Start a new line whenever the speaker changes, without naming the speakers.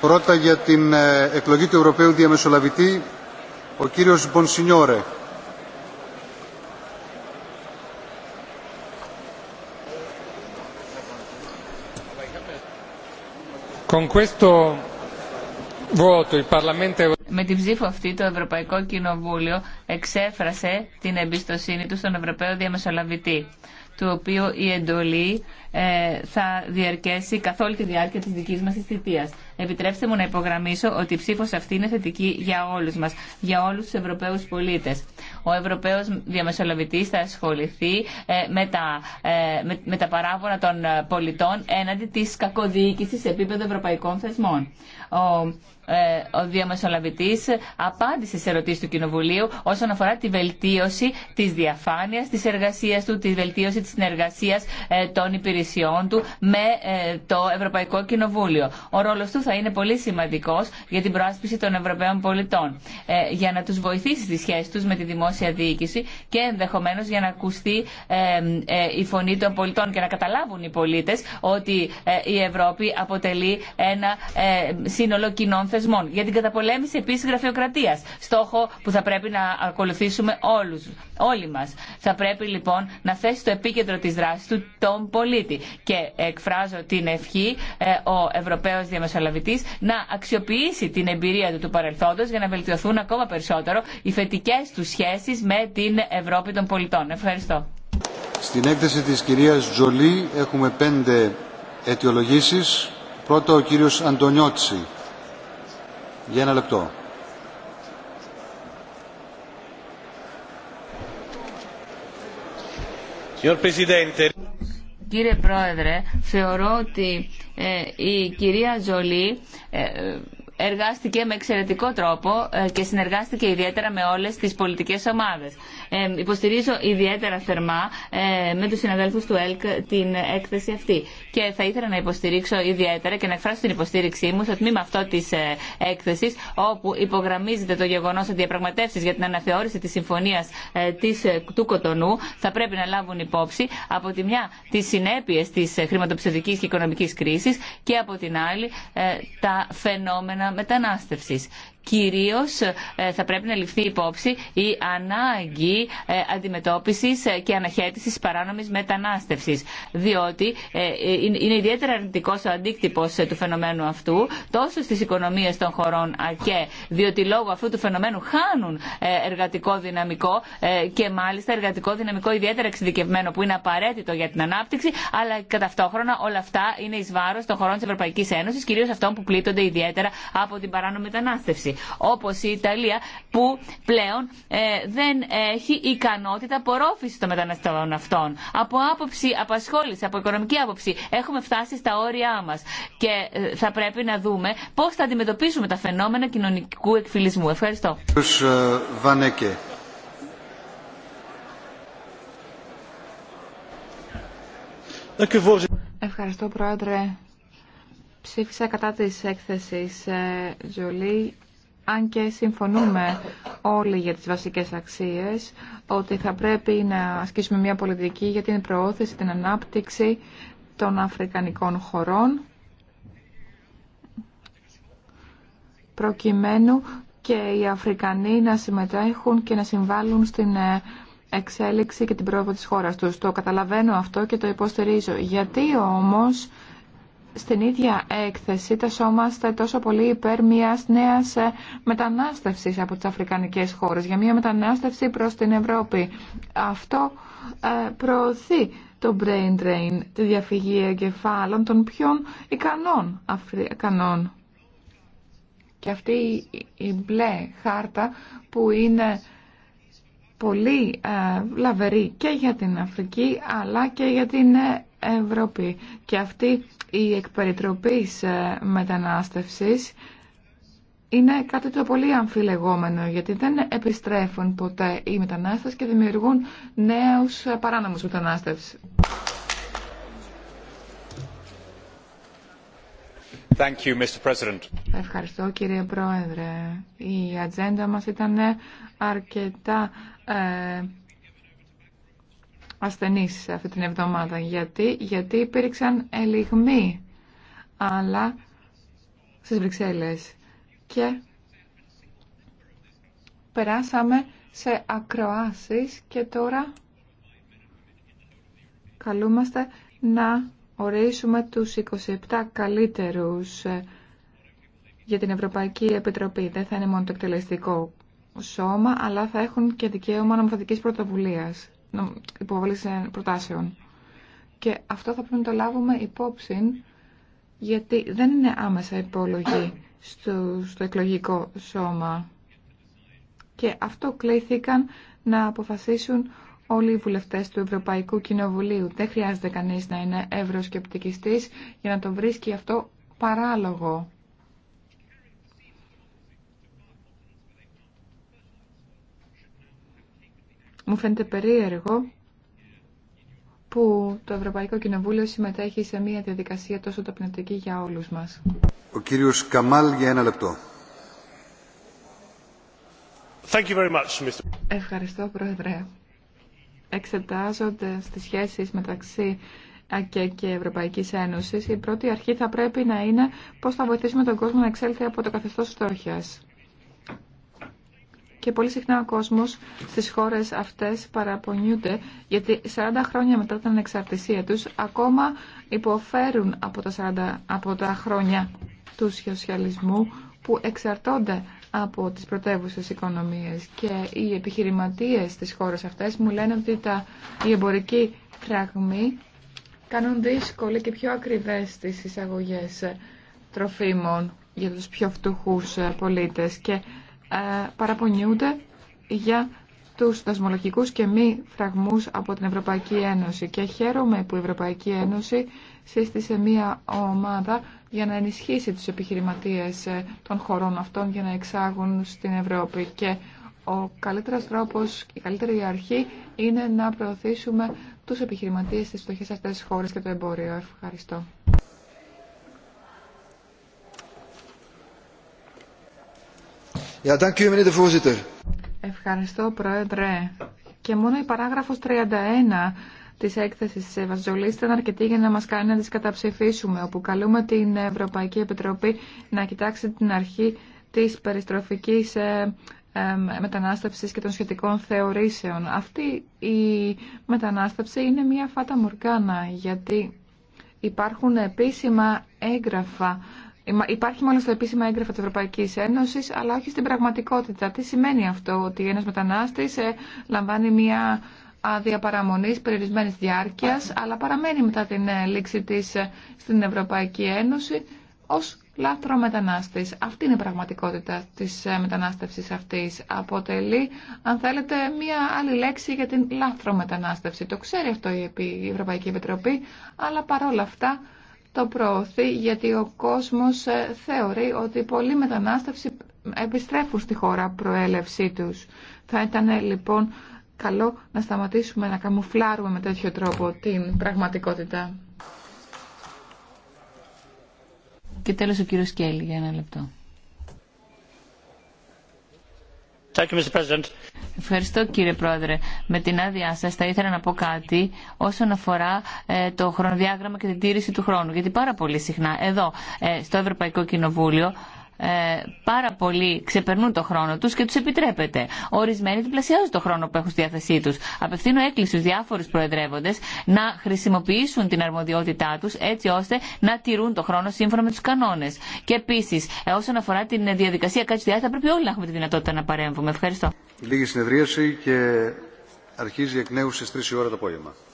Πρώτα για την ε, εκλογή του Ευρωπαίου Διαμεσολαβητή, ο κύριος Μπονσινιόρε.
Με την ψήφο αυτή το Ευρωπαϊκό Κοινοβούλιο εξέφρασε την εμπιστοσύνη του στον Ευρωπαίο Διαμεσολαβητή το οποίο η εντολή ε, θα διαρκέσει καθ' όλη τη διάρκεια της δικής μας θητείας. Επιτρέψτε μου να υπογραμμίσω ότι η ψήφος αυτή είναι θετική για όλους μας, για όλους τους Ευρωπαίους πολίτες. Ο Ευρωπαίος διαμεσολαβητής θα ασχοληθεί ε, με, τα, ε, με, τα παράπονα των πολιτών έναντι της κακοδιοίκησης σε επίπεδο ευρωπαϊκών θεσμών. Ε, ο διαμεσολαβητή απάντησε σε ερωτήσει του Κοινοβουλίου όσον αφορά τη βελτίωση τη διαφάνεια, τη εργασία του, τη βελτίωση της συνεργασία ε, των υπηρεσιών του με ε, το Ευρωπαϊκό Κοινοβούλιο. Ο ρόλο του θα είναι πολύ σημαντικό για την προάσπιση των Ευρωπαίων πολιτών, για να του βοηθήσει στη σχέση του με τη δημόσια διοίκηση και ενδεχομένω για να ακουστεί η φωνή των πολιτών και να καταλάβουν οι πολίτε ότι η Ευρώπη αποτελεί ένα σύνολο κοινών θεσμών θεσμών. Για την καταπολέμηση επίση γραφειοκρατία. Στόχο που θα πρέπει να ακολουθήσουμε όλους, όλοι μα. Θα πρέπει λοιπόν να θέσει το επίκεντρο τη δράση του τον πολίτη. Και εκφράζω την ευχή ε, ο Ευρωπαίο Διαμεσολαβητή να αξιοποιήσει την εμπειρία του του παρελθόντο για να βελτιωθούν ακόμα περισσότερο οι θετικέ του σχέσει με την Ευρώπη των πολιτών. Ευχαριστώ.
Στην έκθεση της κυρίας Τζολί έχουμε πέντε αιτιολογήσεις. Πρώτο ο κύριος Αντωνιώτση. Για ένα λεπτό.
Κύριε Πρόεδρε, θεωρώ ότι ε, η κυρία Ζολή ε, εργάστηκε με εξαιρετικό τρόπο ε, και συνεργάστηκε ιδιαίτερα με όλες τις πολιτικές ομάδες. Ε, υποστηρίζω ιδιαίτερα θερμά ε, με τους συναδέλφους του ΕΛΚ την έκθεση αυτή. Και θα ήθελα να υποστηρίξω ιδιαίτερα και να εκφράσω την υποστήριξή μου στο τμήμα αυτό της ε, έκθεσης όπου υπογραμμίζεται το γεγονός ότι οι διαπραγματεύσεις για την αναθεώρηση της συμφωνίας ε, της, του Κοτονού θα πρέπει να λάβουν υπόψη από τη μια τις συνέπειες της χρηματοπιστωτικής και οικονομικής κρίσης και από την άλλη τα φαινόμενα μετανάστευσης κυρίως ε, θα πρέπει να ληφθεί υπόψη η ανάγκη ε, αντιμετώπισης και αναχέτησης παράνομης μετανάστευσης. Διότι ε, είναι ιδιαίτερα αρνητικός ο αντίκτυπος του φαινομένου αυτού τόσο στις οικονομίες των χωρών ΑΚΕ, διότι λόγω αυτού του φαινομένου χάνουν εργατικό δυναμικό και μάλιστα εργατικό δυναμικό ιδιαίτερα εξειδικευμένο που είναι απαραίτητο για την ανάπτυξη, αλλά κατά ταυτόχρονα όλα αυτά είναι εις βάρος των χωρών της Ευρωπαϊκής Ένωσης, κυρίως αυτών που πλήττονται ιδιαίτερα από την παράνομη μετανάστευση. Όπως η Ιταλία που πλέον ε, δεν έχει ικανότητα απορρόφηση των μεταναστών αυτών. Από άποψη απασχόληση, από οικονομική άποψη έχουμε φτάσει στα όρια μας και ε, θα πρέπει να δούμε πώς θα αντιμετωπίσουμε τα φαινόμενα κοινωνικού εκφυλισμού. Ευχαριστώ.
Ε, Ευχαριστώ, Πρόεδρε. Ψήφισα κατά της έκθεσης Ζολή αν και συμφωνούμε όλοι για τις βασικές αξίες, ότι θα πρέπει να ασκήσουμε μια πολιτική για την προώθηση, την ανάπτυξη των αφρικανικών χωρών, προκειμένου και οι Αφρικανοί να συμμετέχουν και να συμβάλλουν στην ε, εξέλιξη και την πρόοδο της χώρας τους. Το καταλαβαίνω αυτό και το υποστηρίζω. Γιατί όμως στην ίδια έκθεση τεσόμαστε τόσο πολύ υπέρ μιας νέας ε, μετανάστευσης από τις αφρικανικές χώρες, για μια μετανάστευση προς την Ευρώπη. Αυτό ε, προωθεί το brain drain, τη διαφυγή εγκεφάλων των πιο ικανών Αφρικανών. Και αυτή η μπλε χάρτα που είναι πολύ ε, λαβερή και για την Αφρική αλλά και για την Ευρώπη. Και αυτή η εκπεριτροπή μετανάστευση είναι κάτι το πολύ αμφιλεγόμενο, γιατί δεν επιστρέφουν ποτέ οι μετανάστες και δημιουργούν νέους παράνομους μετανάστευση. Thank you, President. Ευχαριστώ κύριε Πρόεδρε. Η ατζέντα μας ήταν αρκετά ε, ασθενείς αυτή την εβδομάδα. Γιατί, γιατί υπήρξαν ελιγμοί, αλλά στις Βρυξέλλες. Και περάσαμε σε ακροάσεις και τώρα καλούμαστε να ορίσουμε τους 27 καλύτερους ε, για την Ευρωπαϊκή Επιτροπή. Δεν θα είναι μόνο το εκτελεστικό σώμα, αλλά θα έχουν και δικαίωμα νομοθετικής πρωτοβουλίας υποβολή ε, προτάσεων. Και αυτό θα πρέπει να το λάβουμε υπόψη γιατί δεν είναι άμεσα υπόλογοι στο, στο εκλογικό σώμα. Και αυτό κλήθηκαν να αποφασίσουν όλοι οι βουλευτές του Ευρωπαϊκού Κοινοβουλίου. Δεν χρειάζεται κανείς να είναι ευρωσκεπτικιστής για να το βρίσκει αυτό παράλογο. Μου φαίνεται περίεργο που το Ευρωπαϊκό Κοινοβούλιο συμμετέχει σε μια διαδικασία τόσο ταπεινωτική για όλους μας.
Ο κύριος Καμάλ για ένα λεπτό. Thank you very much, Mr.
Ευχαριστώ, Πρόεδρε. Εξετάζοντας τις σχέσεις μεταξύ και, και Ευρωπαϊκής Ένωσης, η πρώτη αρχή θα πρέπει να είναι πώς θα βοηθήσουμε τον κόσμο να εξέλθει από το καθεστώς στόχιας. Και πολύ συχνά ο κόσμος στις χώρες αυτές παραπονιούνται γιατί 40 χρόνια μετά την ανεξαρτησία τους ακόμα υποφέρουν από τα, 40, από τα χρόνια του σοσιαλισμού που εξαρτώνται από τις πρωτεύουσες οικονομίες και οι επιχειρηματίες στις χώρες αυτές μου λένε ότι τα, οι εμπορικοί φραγμοί κάνουν δύσκολε και πιο ακριβές τις εισαγωγές τροφίμων για τους πιο φτωχούς πολίτες ε, παραπονιούνται για τους δασμολογικούς και μη φραγμούς από την Ευρωπαϊκή Ένωση. Και χαίρομαι που η Ευρωπαϊκή Ένωση σύστησε μία ομάδα για να ενισχύσει τους επιχειρηματίες ε, των χωρών αυτών για να εξάγουν στην Ευρώπη. Και ο καλύτερος τρόπος, η καλύτερη αρχή είναι να προωθήσουμε τους επιχειρηματίες στις φτωχές αυτές χώρες και το εμπόριο. Ευχαριστώ. Ευχαριστώ, Πρόεδρε. Και μόνο η παράγραφος 31 της έκθεσης της Ευαζολής ήταν αρκετή για να μας κάνει να τις καταψηφίσουμε, όπου καλούμε την Ευρωπαϊκή Επιτροπή να κοιτάξει την αρχή της περιστροφικής ε, ε, μετανάστευσης και των σχετικών θεωρήσεων. Αυτή η μετανάστευση είναι μια φάτα μουρκάνα, γιατί υπάρχουν επίσημα έγγραφα Υπάρχει μόνο στα επίσημα έγγραφα της Ευρωπαϊκής Ένωσης, αλλά όχι στην πραγματικότητα. Τι σημαίνει αυτό, ότι ένας μετανάστης ε, λαμβάνει μια άδεια παραμονής περιορισμένης διάρκειας, αλλά παραμένει μετά την ε, λήξη της ε, στην Ευρωπαϊκή Ένωση ως λάθρο μετανάστης. Αυτή είναι η πραγματικότητα της μετανάστευσης αυτής. Αποτελεί, αν θέλετε, μία άλλη λέξη για την λάθρο μετανάστευση. Το ξέρει αυτό η Ευρωπαϊκή Επιτροπή, αλλά παρόλα αυτά το προωθεί γιατί ο κόσμος ε, θεωρεί ότι πολλοί μετανάστευση επιστρέφουν στη χώρα προέλευσή τους. Θα ήταν ε, λοιπόν καλό να σταματήσουμε να καμουφλάρουμε με τέτοιο τρόπο την πραγματικότητα.
Και τέλος ο κύριος Κέλλη για ένα λεπτό. Ευχαριστώ κύριε Πρόεδρε. Με την άδειά σα θα ήθελα να πω κάτι όσον αφορά ε, το χρονοδιάγραμμα και την τήρηση του χρόνου. Γιατί πάρα πολύ συχνά εδώ ε, στο Ευρωπαϊκό Κοινοβούλιο ε, πάρα πολύ ξεπερνούν το χρόνο του και του επιτρέπεται. Ορισμένοι διπλασιάζουν το χρόνο που έχουν στη διάθεσή του. Απευθύνω έκκληση στου διάφορους προεδρεύοντε να χρησιμοποιήσουν την αρμοδιότητά του, έτσι ώστε να τηρούν το χρόνο σύμφωνα με του κανόνε. Και επίσης ε, όσον αφορά την διαδικασία κάτι θα πρέπει όλοι να έχουμε τη δυνατότητα να παρέμβουμε. Ευχαριστώ. Λίγη συνεδρίαση και αρχίζει εκ νέου στι 3 ώρα το απόγευμα.